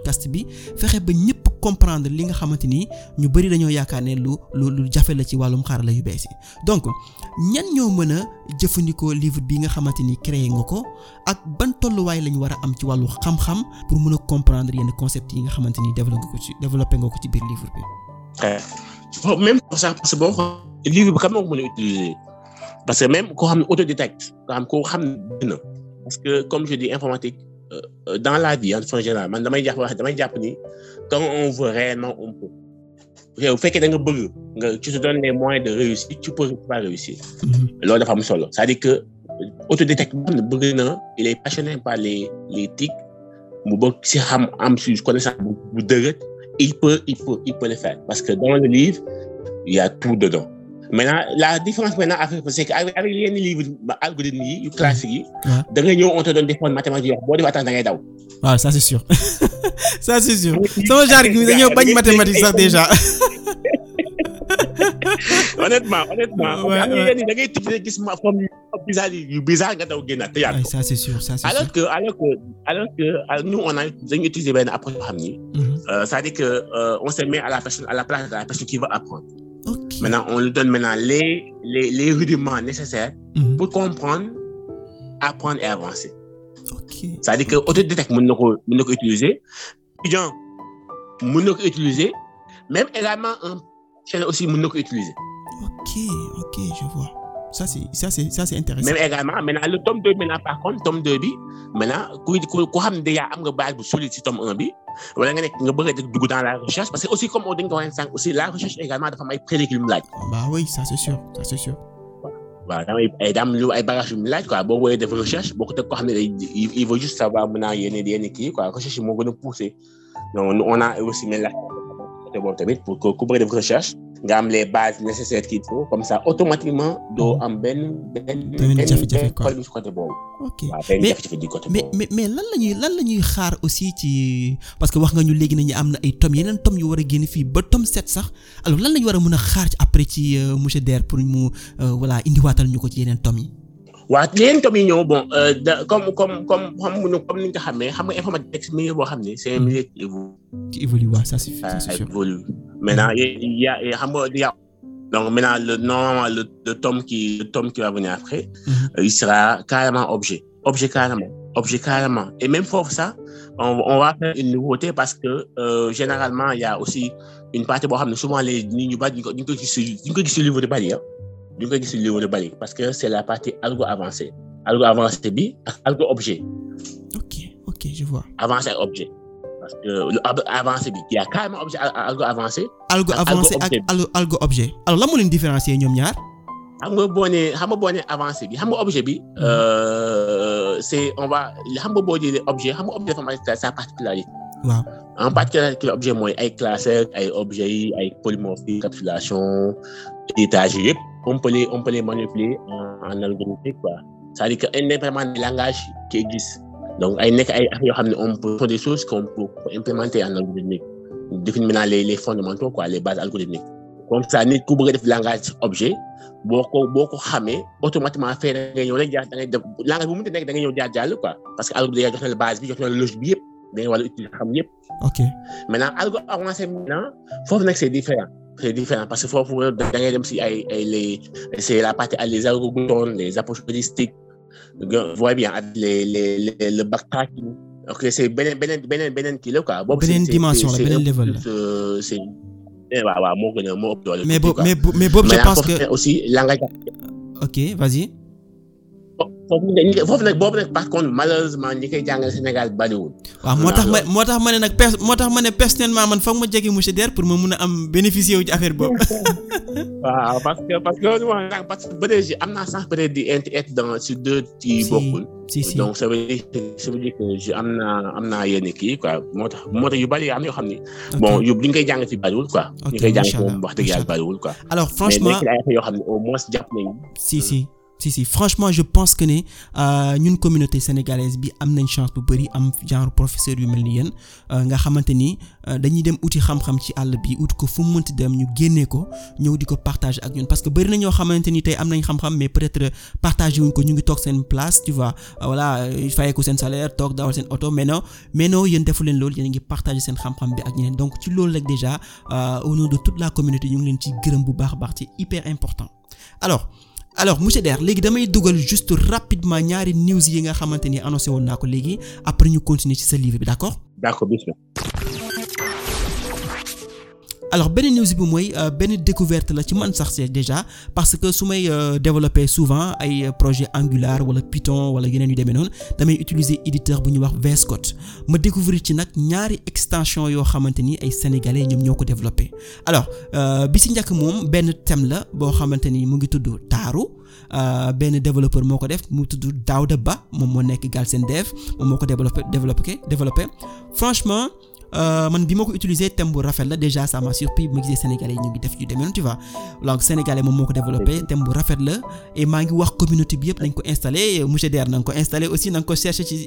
podcast bi fexe ba ñëpp comprendre li nga xamante ni ñu bari dañoo yaakaar ne lu lu lu jafe la ci wàllum xarala yu bees yi donc ñan ñoo mën a jëfandikoo livre bi nga xamante ni nga ko ak ban tolluwaay lañ war a am ci wàllu xam-xam pour mën a comprendre yenn concept yi nga xamante ni développé nga ko ci développé nga ko ci biir livre bi. Eh, bon même sax parce que boo xoolee livre bi kan moo ko mën a utiliser parce que même koo xam ne autodidacte nga xam koo xam ne parce comme je dis informatique. Euh, euh, dans la vie en façon générale man damay jàpp wax damay jàpp ni quand on veut réellement on peut bu fekkee da nga bëgg nga ci te donnes les moyens de réussir tu peux pas réussir. Mm-hmm. loolu dafa am solo c'est-à-dire que autodidacte bëgg na il est passionné par les TIC mu bëgg si xam am si connaissance bu bu dëgër il peut il peut il peut le faire parce que dans le livre il y a tout dedans. maintenant la différence maintenant affaire bi c'est que avec avec yenn livre algorithme yi yu classique yi. da ngay ñëw on te donne des formes mathématiques yoo xam boo defee attention ça c'est sûr ça c'est genre gi dañoo bañ mathématique sax déjà. honnêtement honnêtement. am na gis ma forme bizarre yu bizarre nga daw génnaat te yàgg. ça c'est sûr ça c'est alors que alors que alors que euh, nous on a dañu utiliser benn approche boo xam ni. Mhm. Euh, c'est-à-dire que euh, on se met à la personne à la Okay. Maintenant, on lui donne maintenant les, les, les rudiments nécessaires mm -hmm. pour comprendre, apprendre et avancer. Okay. C'est-à-dire que autodidacte, on peut utiliser. Étudiant, on peut utiliser. Même également, un channel aussi, on peut utiliser. Ok, ok, je vois. Ça, c'est, ça, c'est, ça, c'est intéressant. Même également, maintenant, le tome 2, maintenant, par contre, tome 2, bi, maintenant, quand on a déjà une base solide sur bi, wala nga nekk nga bëgg a dugg dans la recherche parce que aussi comme dañ ko waxee sànq la recherche également dafa am ay prérequis yu mu laaj. bah oui ça c'est sûr ça c'est ay daam lu ay barrage yu mu recherche boo ko teg koo xam ne il juste savoir mën naa yéene yéene kii quoi recherche yi gën a poussé donc on a te boobu tamit pour que ku bëgg def recherche nga am lee bases nécessaires qu'il faut comme ça automatiquement doo mhm. am benn benn benn jafe-jafe quoi ci côté boobu. ok waaw benn mais mais lan la ñuy lan la ñuy xaar aussi ci parce que wax nga ñu léegi nañu am na ay tom yeneen tom yu war a génn fii ba tom set sax alors lan la ñu war a mën a xaar ci après ci euh, monsieur Der pour mu euh, voilà indiwaatal ñu ko ci yeneen tom yi. waaw leen itam yi bon euh, da comme comme xam nga comme ni nga xamee xam nga informatique texte milieu boo xam ne c'est un évolue. qui évolue waaw ça c'est euh, ça a xam nga a donc maintenant le normalement le le tome qui le tom qui va venir après. Mm-hmm. Euh, il sera carrément objet objet objet carrément et même foofu ça on on va faire une nouveauté parce que euh, généralement il y a aussi une partie boo xam ne souvent les nit ñu bari ñu ko ñu ko gis ñu ko gis livre de bari duñ ko gis lu bari parce que c'est la partie algo avancée algo avancée bi ak algo objet. ok ok je vois. avancé ak objet bi y a carrément objet algo avancé. algo avancé ak algo objet alors lan moo leen ñoom ñaar. xam nga boo nee xam nga boo nee avancé bi xam nga objet bi. Mhm. Euh, c'est on va xam nga boo jëlee objet xam nga objet dafa am sa particularité. waaw en particulier objet mooy ay classeur ay objet yi ay polymorphie encapsulation étage yëpp. on peut les on peut les manipuler en, en algorithmique quoi c'est-à-dire que indépendamment des langages qui existent donc ay nekk ay affaires xam ne on peut des choses qu'on peut implémenter en algorithmique définir maintenant les les fondamentaux quoi les bases algorithmiques comme ça nit ku bëgg def langage objet boo ko boo ko xamee automatiquement fee da ngay ñëw rek jaar langage bu mu nekk da ñëw jaar jàll quoi parce que algo da jox na la base bi jox na la bi yëpp da ngay war xam yëpp. très différent parce que foofu da ngay si ay ay c'est la partie à les les approches holistiques voit bien ak les les les ok c'est beneen beneen beneen beneen kii la dimension la beneen level la a moo ëpp doole mais boobu je pense que ok vas-y. foofu nag boobu nag par contre malheureusement ñi koy jàngal Sénégal bariwul. waaw moo tax ma moo tax ma ne nag moo tax ma ne personnellement man foog ma jege monsieur Der pour ma mun a am bénéficier wu ci affaire boobu. waaw parce que parce que parce que bëre am naa sax peut di être dans sur deux kii bokkul. si si donc ça veut am naa am yenn kii quoi moo tax moo tax yu bari am yoo xam ne bon yu ñu koy jàng ci bariwul quoi. ok ñu koy jàng moom wax dëgg yàlla bariwul quoi. alors franchement mais nekk xam ne au moins jàpp nañu. si si. si si franchement je pense que ne euh, ñun communauté sénégalaise bi am nañ chance bu bari am genre professeur yu mel ni yéen euh, nga xamante ni euh, dañuy dem uti xam-xam ci àll bi uti ko fu mu mënti dem ñu génnee ko ñëw di ko partage ak ñun parce que bari na ñoo xamante ni tey am nañ xam-xam mais peut-être partager wuñ ko ñu ngi toog seen place tu vois voilà fayeeku seen salaire toog dawal seen oto mais non mais non yéen defu leen loolu yéen ngi partager seen xam-xam bi ak ñeneen donc ci loolu rek déjà la communauté ñu ngi leen ci gërëm bu baax baax c'est hyper important alors. alors monsieur Der léegi damay dugal juste rapidement ñaari news yi nga xamante ni annoncé woon naa ko léegi après ñu continuer ci sa livre bi d'accord d'accord alors beneen news bi mooy euh, benn découverte la ci man sax c'est déjà parce que su may euh, développer souvent ay euh, projet Angular wala Python wala yeneen yu demee noonu damay utiliser éditeur bu ñu wax VS Code ma découvrir ci nag ñaari extension yoo xamante ni ay sénégalais ñoom ñoo ko développé alors bi si njëkk moom benn thème la boo xamante ni mu ngi tudd taaru benn développeur moo ko def mu tudd Daouda Ba moom moo nekk seen def moom moo ko développé développé développé Euh, man bi ma ko utilisé thème bu rafet la déjà ça m'a surpris bi ma gisee sénégalais yi ñu ngi def yu demee noonu tu vois donc sénégalais moom moo ko développé na nga ko installé aussi na nga ko cherché ci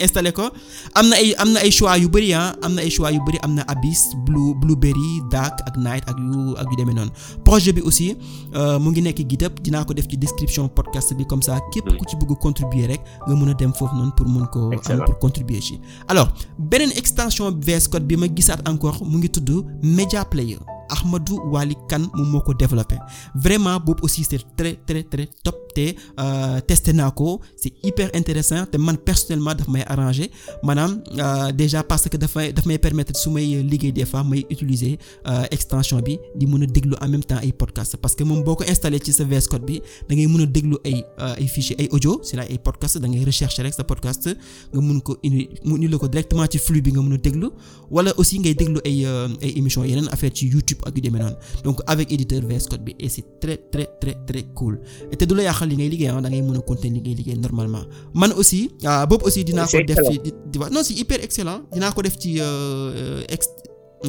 extension am na ay am na ay choix yu bëri ah am na ay choix yu bëri am na Abyss Blue Blueberry Dark ak Night ak yu ak yu demee noonu projet bi aussi euh, mu ngi nekk GitHub dinaa ko def ci description podcast bi comme ça képp ku ci bëgg contribuer rek nga mën a dem foofu noonu pour mën koo am pour contribuer ci alors beneen extension VS Code bi ma gisaat encore mu ngi tudd Media Player Ahmadou Wali Kane moom moo ko développé vraiment boobu aussi c'est très très très te euh, testé naa ko c'est hyper intéressant te man personnellement daf may arranger manaam euh, déjà parce que dafay may may permettre su may liggéey des fois may utiliser euh, extension bi di mën a déglu en même temps ay podcast parce que moom boo ko installé ci sa VS bi da ngay mën a déglu ay ay fichiers ay c'est ay podcast da ngay rechercher rek sa podcast nga mun ko indi mu indi la ko directement ci flux bi nga mën a déglu wala aussi ngay déglu ay ay émissions yeneen affaire ci YouTube ak yu demee noonu donc avec éditeur VS Code bi et c'est très très très très cool li ngay liggéey ah da ngay mën a continuer li liggéey normalement man aussi ah, boobu aussi dinaa ko def ci di non c'est hyper excellent dinaa ko def ci euh, euh, ex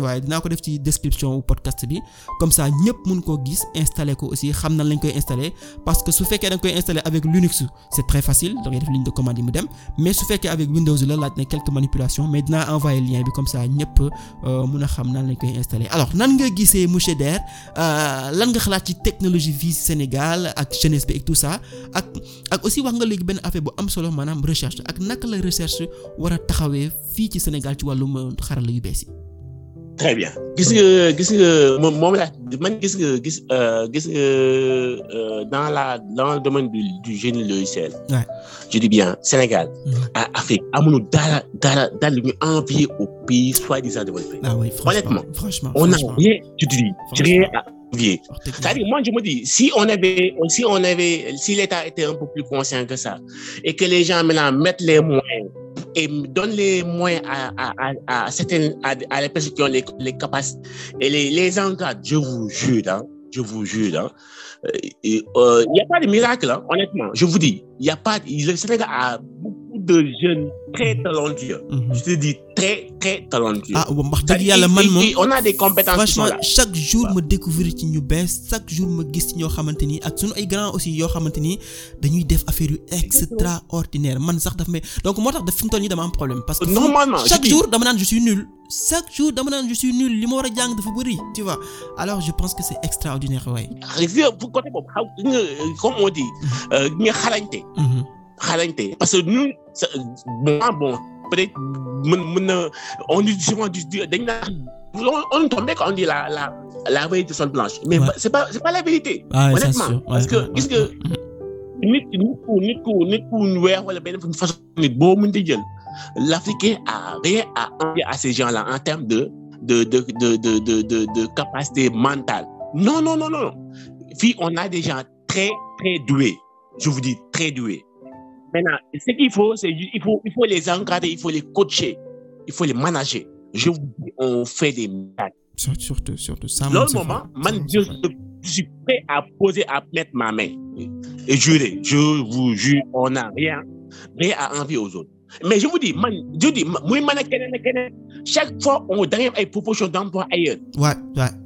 waaye dinaa ko def ci description podcast bi comme ça ñëpp mun koo gis installer ko aussi xam nan lañ koy installer parce que su fekkee da nga koy installer avec Linux c'est très facile da def ligne de commande yi mu dem mais su fekkee avec Windows la laaj na quelques manipulations mais dinaa envoyer lien bi comme ça ñëpp euh, mun a xam nan lañ koy installer alors nan nga gisee monsieur Der euh, lan nga xalaat ci technologie vie Sénégal ak jeunesse bi ça ak ak aussi wax nga léegi benn affaire bu am solo maanaam recherche ak naka la recherche war a taxawee fii ci Sénégal ci wàllum xarala yu bees yi très bien gis nga gis nga moom moom laa gis nga gis euh, gis nga euh, dans la dans le domaine du du génie logiciel. Ouais. je dis bien Sénégal. Mm-hmm. à Afrique amuñu dara dara dara lu pays soi-disant développé. ah oui honnêtement on n'a rien dis rien à à dire si on avait si l'État était un peu plus conscient que ça et que les gens mettent les moyens. et donne les moyens à, à, à, à certaines, à, qui ont les, capacités et les, les encadre, je vous jure, je vous jure. Hein, euh, euh, il n'y a pas de miracle, honnêtement, je vous dis. Il n'y a pas, le Sénégal a beaucoup de jeunes très mhm. talentueux. Mm ah wax dëgg yàlla man moom on a des compétences. franchement chaque jour ma découvrir ci ñu bees chaque jour ma gis ñoo xamante ni ak sunu ay grands aussi yoo xamante ni dañuy def affaire yu extraordinaire man sax daf may donc moo tax daf fi mu toll nii dama am problème. parce que normalement chaque jour dama naan je suis nul. chaque jour dama naan je suis nul li ma war a jàng dafa bëri tu vois alors je pense que c'est extraordinaire waaye. côté boobu xam euh, euh, nga comme xarañte parce que ñun bon bon peut-être mën mën na on dit souvent du dit la la la vérité sur blanche mais c'est pas la vérité honnêtement parce que gis nga nit nit ku nit ku nit ku weex boo mën di jël l'Africain a rien à envier ces gens-là en termes de de de de capacité mentale non non non fii on a des gens très très doués je vous dis très doués Maintenant, ce qu'il faut, c'est il faut, il faut les encadrer, il faut les coacher, il faut les manager. Je vous dis, on fait des miracles. Surtout, surtout. Ça, moment, man, Dieu, je suis prêt à poser, à mettre ma main et jurer. Je vous jure, on n'a rien, rien à envier aux autres. Mais je vous dis, man, je dis, moi, man, chaque fois, on donne une proposition d'emploi ailleurs. Ouais,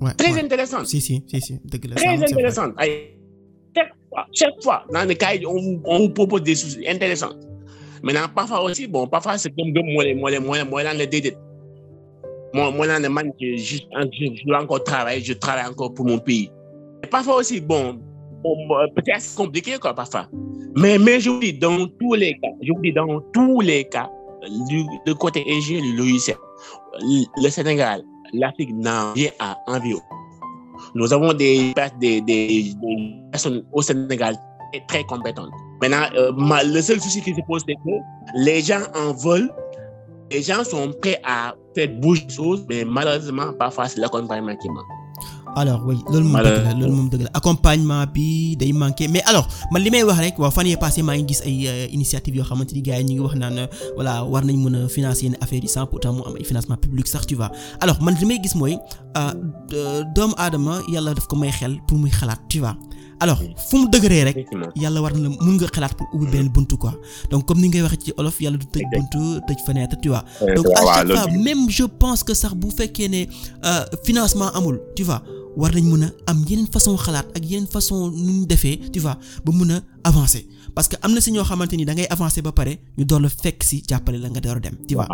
ouais, Très intéressante. Si, si, si, si. Très intéressante. fois, chaque fois, dans les cas, on, on vous propose des choses intéressantes. Maintenant, parfois aussi, bon, parfois, c'est comme que moi, moi, moi, moi, dans les dédés. Moi, moi, man, je, je, je dois encore travailler, je travaille encore pour mon pays. Et parfois aussi, bon, euh, peut-être c'est compliqué, quoi, parfois. Mais, mais je vous dis, dans tous les cas, je vous dis, les cas, le côté ingénieur du le Sénégal, l'Afrique n'a rien à envier Nous avons des, des, des, des personnes au Sénégal très, très compétentes. Maintenant, euh, ma, le seul souci qui se pose, c'est que les gens en veulent, les gens sont prêts à faire bouger les mais malheureusement, parfois, c'est l'accompagnement qui manque. alors oui loolu moom dëgg la loolu moom la accompagnement bi day manqué mais alors man li may gis euh, a mooy euh, doomu aadama yàlla daf ko may xel pour muy xalaat tu vois alors fu mu dëgëree rek yàlla war na la mun nga xalaat pour ubbi beneen mm-hmm. buntu quoi donc comme ni ngay waxee ci olof yàlla du tëj buntu tëj fenêtre tu vois donc à chaque fois je pense que sax bu fekkee ne euh, financement amul war nañ mën a am yeneen façon xalaat ak yeneen façon nu ñu defee tu vois ba mën a avancer parce que am na si ñoo xamante ni dangay avancé avancer ba pare ñu door fekk si jàppale la nga door a dem. tu vois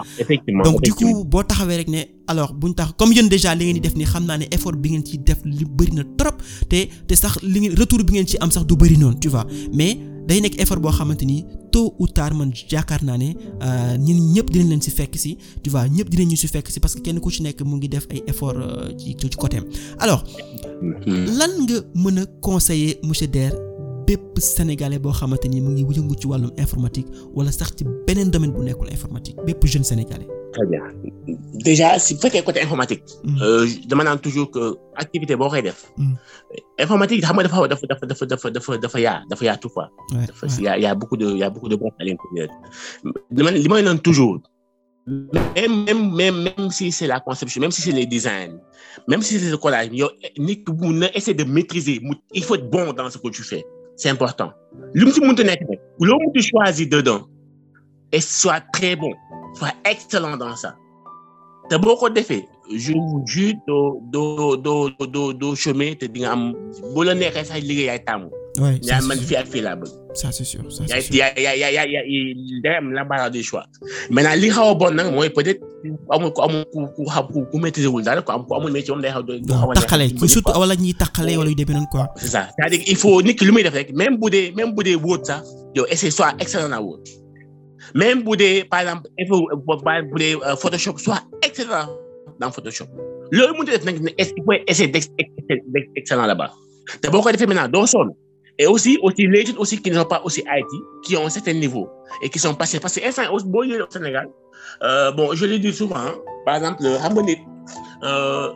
donc du coup boo taxawee rek ne alors buñ tax comme yéen déjà li ngeen di def nii xam naa ne effort bi ngeen ci def li bëri na trop te te sax li ngeen retour bi ngeen ci am sax du bëri noonu tu vois mais day nekk effort boo xamante ni tôt ou tard man jaakaar naa ne euh, ñun ñëpp dinañ leen si fekk si tu vois ñëpp dinañ ñu si fekk si parce que kenn ku ci nekk mu ngi def ay effort euh, ci ci côté alors hmm. lan nga mën a conseiller monsieur Der bépp sénégalais boo xamante ni mu ngi yëngu ci wàllum informatique wala sax ci beneen domaine bu nekkul informatique bépp jeune sénégalais. très bien déjà si bu fekkee informatique. Mm. Euh, dama naan toujours que activité boo koy def. Mm. informatique xam nga dafa dafa dafa dafa dafa dafa yaa dafa yaa tout quoi. dafa y' a y' a beaucoup de y' a à l'intérieur. li may naan toujours. même même même si c'est la conception même si c'est le design même si c'est le collage yow nit bu na essayer de maîtriser mu il faut être bon dans ce que tu c'est important lu mu ci mënti nekk rek loo mënti choisir dedans et soit très bon soit excellent dans ça te boo ko defee je vous do doo doo doo doo te di nga am bu la neexee sax liggéey yaay taamu. oui ça man fii ak fii laa bëgg. ça c'est sûr a y a y a y a xaw a bon nag mooy peut-être amul ku amul ku ku xam ku maîtriser wul dara ku am ku amul métier moom day a. taxalee surtout wala ñuy taxalee wala yu demee noonu quoi. c'est ça cest dire il faut nit ki muy rek même bu dee même bu dee wóot sax yow essayer soit excellent à wóot même bu dee par exemple il bu dee Photoshop soit excellent dans Photoshop loolu mënut a def nag tu peux essayer excellent là te boo ko defee maintenant doo sonn et aussi aussi les jeunes aussi qui ne sont pas aussi IT qui ont certain niveau et qui sont passés parce que instant aussi boo ñëwee au euh, bon par exemple xam nga nit euh,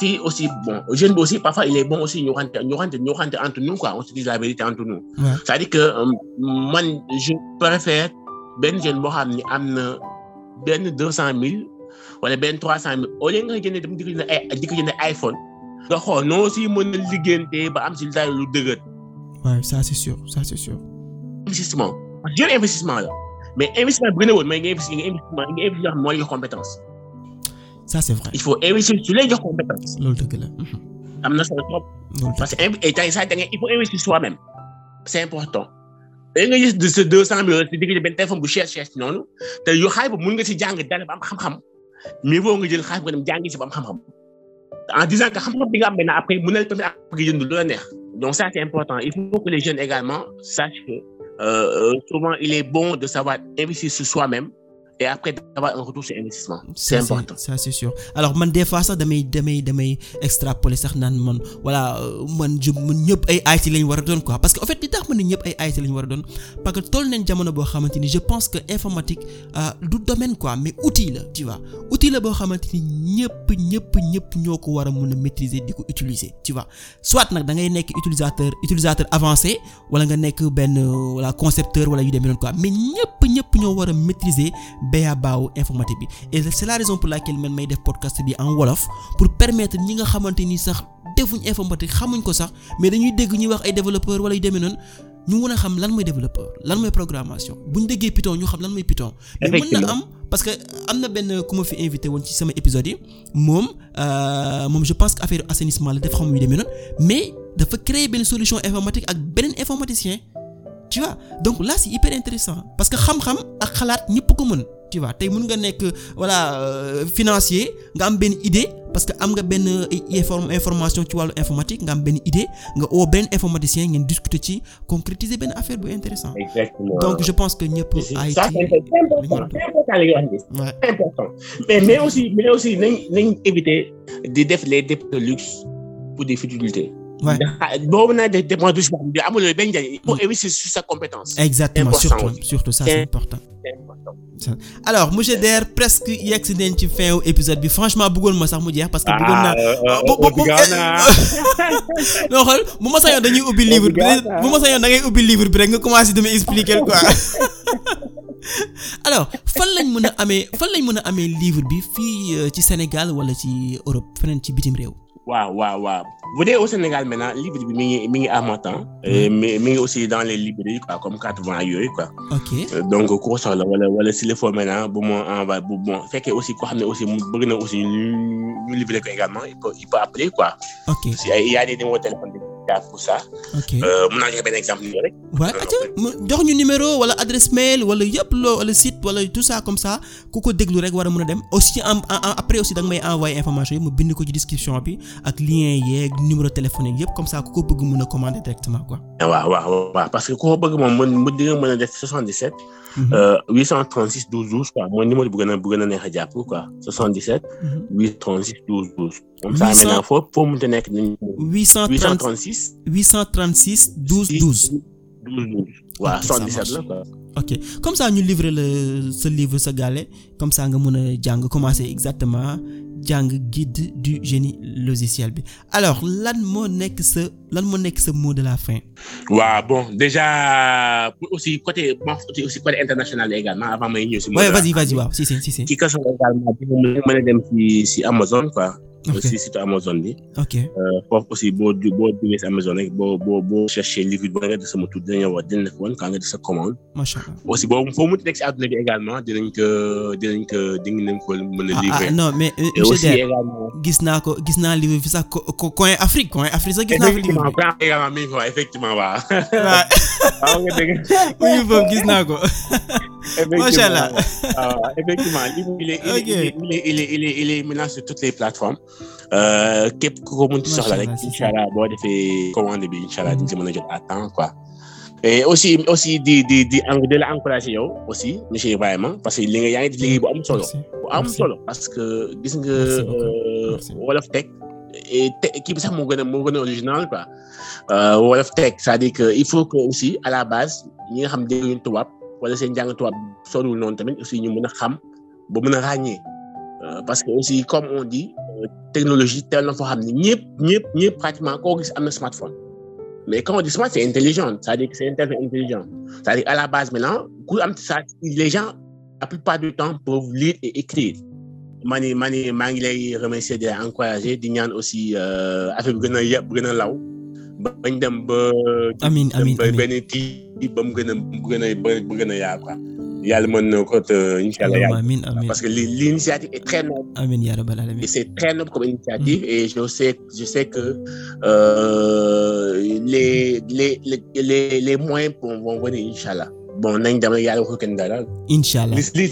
fii aussi bon jeune bi aussi parfois il est bon aussi ñu xante ñu xante ñu xante entre nous quoi on se la vérité entre nous. c'est-à-dire que euh, man je préfère benn jeune boo xam ne am na benn deux cent mille wala benn trois cent mille au lieu nga jënd dem di ko ay di ko jënd iPhone nga xool noo si mën a liggéeyantee am si daal lu dëgër. waaw ça c'est sûr ça c'est sûr. investissement jël la mais investissement bi woon mooy nga investi nga nga investi yoo xam moo lay jox compétence. ça c'est vrai il lay jox compétence. loolu dëgg la. Mhm. am na solo trop. parce que état yi sax da nga il faut investir soi-même c'est important. da nga gis de sa deux cent millions di benn téléphone bu cher cher noonu te yu xaay ba mun nga si jàng dara ba am xam-xam. mais boo nga jël xaalis nga dem jàngi si ba xam-xam en disant que xam-xam bi nga am maintenant après mën na permettre après jënd lu la neex donc ça c'est important il faut que les jeunes également sachent que euh, euh souvent il est bon de savoir investir sur soi-même et après d'avoir man des fois sax damay damay damay extrapoler sax naan man voilà euh, man jub man ñëpp ay IT lañ war a doon quoi parce que en fait li tax man ne ñëpp ay IT lañ war a doon parce que toll nañ jamono boo xamante je pense que informatique euh, du domaine quoi mais outil la tu vois outil boo xamante ni ñëpp ñëpp ñëpp ñoo ko war a mën a maîtriser di ko utiliser tu vois soit nag da ngay nekk utilisateur utilisateur avancé wala nga nekk benn wala euh, concepteur wala yu demee noonu quoi mais war a maîtriser béyabaawu informatique bi et c'est la raison pour laquelle man may def podcast bi en wolof pour permettre ñi nga xamante ni sax defuñ informatique xamuñ ko sax mais dañuy dégg ñuy wax ay développeur wala yu demee noonu ñu mën a xam lan mooy développeur lan mooy programmation buñ déggee Python ñu xam lan mooy Python. mais mën na am parce que am na benn ku ma fi invité woon ci sama épisode yi moom euh, moom je pense que affaire assainissement la def xam yu demee noonu mais ak beneen informaticien. tu vois donc là c'est hyper intéressant parce que xam-xam ak xalaat ñëpp ko mën tu vois tey mën nga nekk voilà euh, financier nga am benn idée parce que am nga benn euh, information ci wàllu informatique nga am benn idée nga oo benn informaticien ngeen discuter ci concrétiser benn affaire bu intéressant exactement donc je pense que ñëpp ay ça c'est important c'est important li nga wax nii c'est mais aussi nañ nañ éviter di def les débits de luxe pour des Ouais. Ah, boobu nag de choix bi amul benn njëriñ. il faut mm. investir sa compétence. exactement surtout surtout ça c'est important. alors monsieur Der presque yegg si nañ ci fin wu épisode bi franchement buggoon ma sax mu jeex parce que bëggoon ah, naa. Euh, euh, bu bu bu eh, non xool bu ma sañoon dañuy ubbi livre bi bu ma sañoon da ngay ubbi livre bi rek nga commencé dama expliquer quoi. alors fan lañ mën a amee fan lañ mën a amee livre bi fii euh, ci Sénégal wala ci Europe feneen ci bitim réew. waaw waaw waaw bu dee au Sénégal maintenant livre bi mi ngi mi ngi à temps mais hmm. mi ngi aussi dans les librairies quoi comme quatre vingt yooyu quoi. ok euh, donc koo soxla wala wala si le faut maintenant bu ma envoyé bu bon fekkee aussi ko xam ne aussi mu bëgg na aussi ñu ñu livré ko également il peut il peut appeler quoi. ok si y a des gaz pour ça. naa joxe jox ñu numéro wala mail wala yëpp loo wala site wala tout comme ça ku ko déglu rek war a mën a dem aussi am après aussi da may envoyer information yi mu bind ko ci description bi ak lien yeeg numéro téléphone yi yëpp comme ça ku ko bëgg mën a commander directement quoi. Ah, waaw waaw waaw parce que ku ko bëgg moom mu di nga a def 77. 836 12 12 quoi mooy numéro bu gën a bu gën a neex mhm. foo foo mënta nekk. 836 836. 836 12 12. 12 12. waaw ouais, 77 la quoi. ok comme ça ñu livrer la sa livre sa gàlle comme ça nga jàng commencer exactement jàng guide du génie logiciel bi alors lan moo nekk sa lan moo nekk sa mot de la fin. waaw ouais, bon si. mot de la si si si si. ci également mën a dem si si Amazon quoi. Euh, si site Amazon bi. ok euh, foofu aussi boo boo duggee si Amazon rek boo boo boo cherché liquide nga def sama tur dina ñëw wax dina nekk woon kaa nga def sa commande. macha allah aussi boo boo mënti nekk ko dinañ ko dinañ a. livrer ah, ah, mais euh, gis naa ko gis naa livre fi sax ko coin Afrique coin Afrique sax gis naa ko. effectivement waaw également mi ngi fa effectivement waaw. waaw ah, nga dégg. oui boobu gis naa ko. macha allah ah, effectivement il est il e il sur toutes les plateformes. Euh, képp ku ko mënti soxla rek incha allah boo defee commande bi incha allah di nga si mën jot à temps quoi. aussi aussi di di di di la encourager yow aussi monsieur Ibrahima parce que li nga yaa ngi liggéey bu am solo. bu am solo parce que gis nga euh, wolof teg. kii bi sax moo gën a moo gën original quoi euh, wolof teg c'est-à-dire que il faut que aussi à la base ñi nga xam dégguñu tubaab. wala seen jàng tubaab soriwul noonu tamit aussi ñu mën a xam ba mën a ràññee euh, parce que aussi comme on dit euh, technologie teel na foo xam ni ñëpp ñëpp ñëpp pratiquement koo gis am na smartphone mais quand on dit smartphone c'est intelligent c'est-à-dire que c'est un téléphone la base maintenant ku am ça les gens la plupart du temps peuvent lire et écrire maa ni maa ngi lay remercier di la encourager di ñaan aussi euh, affaire bi gën a yeb a law bañ dem ba. amiin amiin dem ba benn kii ba mu gën a mu gën a mu gën a yàlla mën na ko te incha allah parce que li l'initiative est très noble. amiin yaa rabbal aalamiin. et c'est très noble comme initiative. Mm. et que euh, les moyens vont venir bon nañ dem rek yàlla waxul kenn dara. incha allah li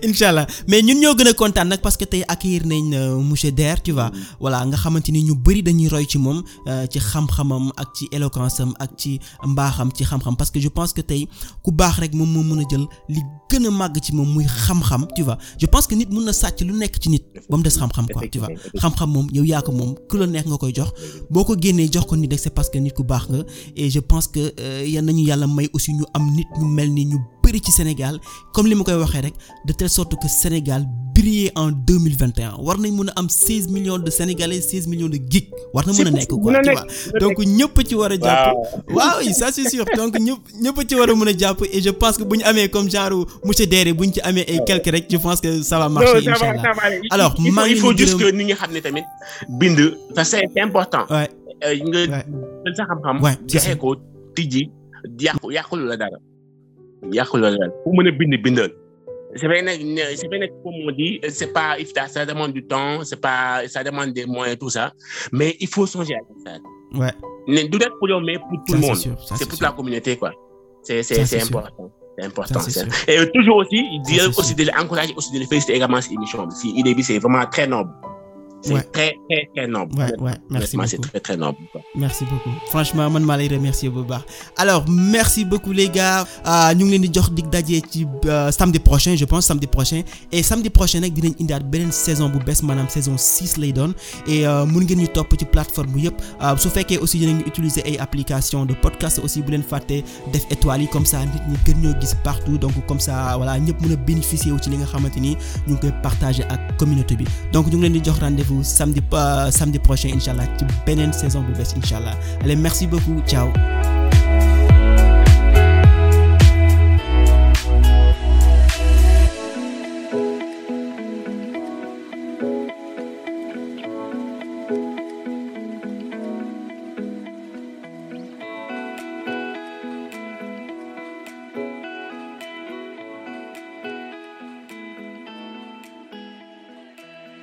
incha allah mais ñun ñoo gën a kontaan nag parce que tey accueillir nañ euh, monsieur Der tu vois mm-hmm. voilà nga xamante ni ñu bëri dañuy roy ci moom euh, ci xam-xamam ak ci éloquence ak ci mbaaxam ci xam-xam parce que je pense que tey ku baax rek moom moo mën a jël li gën a màgg ci moom muy xam-xam tu je pense que nit mun na sàcc lu nekk ci nit ba mu des xam-xam quoi tu xam-xam moom yow yaa ko moom ku la neex nga koy jox boo ko génnee jox ko nit rek c'est parce que nit ku baax nga et je pense que euh, yal nañu yàlla may aussi ñu am nit ñu mel ni ñu bëri ci Sénégal comme li ma koy waxee rek de telle sorte que Sénégal briller en 2021 war nañ a am 16 millions de Sénégalais 16 millions de geek war na mën a nekk quoi tu vois donc ñëpp ci war a jàpp waaw ça c'est donc ñëpp ñëpp ci war a mën a jàpp et je pense que bu ñu amee comme genre monsieur Déré bu ñu ci amee ay quelques rek je pense que ça va marcher incha alors maa il faut ni nga xam ne tamit bind parce que c'est important euh, nga sa xam-xam jaxee ko tijji yàqu la dara yàqu loolu daal ku mën a bind bindal. c'est vrai nag c'est vrai nag comme on dit pas évident ça du temps c'est pas demande des moyens tout ça mais il faut songer à ça. ouais pour yow mais pour tout le monde. c'est pour la communauté quoi. c'est important. c'est important et toujours aussi. di aussi de aussi de le féliciter également si émission si idée vraiment très noble. c'est ouais. très très très noble. Ouais, ouais. Merci beaucoup. c'est très très noble. merci beaucoup franchement man maa lay remercier bu baax. alors merci beaucoup les gars euh, ñu ngi leen di jox dig daje ci euh, samedi prochain je pense samedi prochain et samedi prochain nag dinañ indiwaat beneen saison bu bees maanaam saison six lay doon et euh, mun ngeen ñu topp ci plateforme yëpp su fekkee aussi yéen a ngi utiliser ay applications de podcast aussi bu leen fàtte def étoiles yi comme ça nit ñi gën ñoo gis partout donc comme sa voilà ñëpp mën a bénéficier wu ci li nga xamante ni ñu ngi koy partager bi beaucoup samedi euh, samedi prochain incha allah ci beneen saison bu bees incha allah allez merci beaucoup ciao.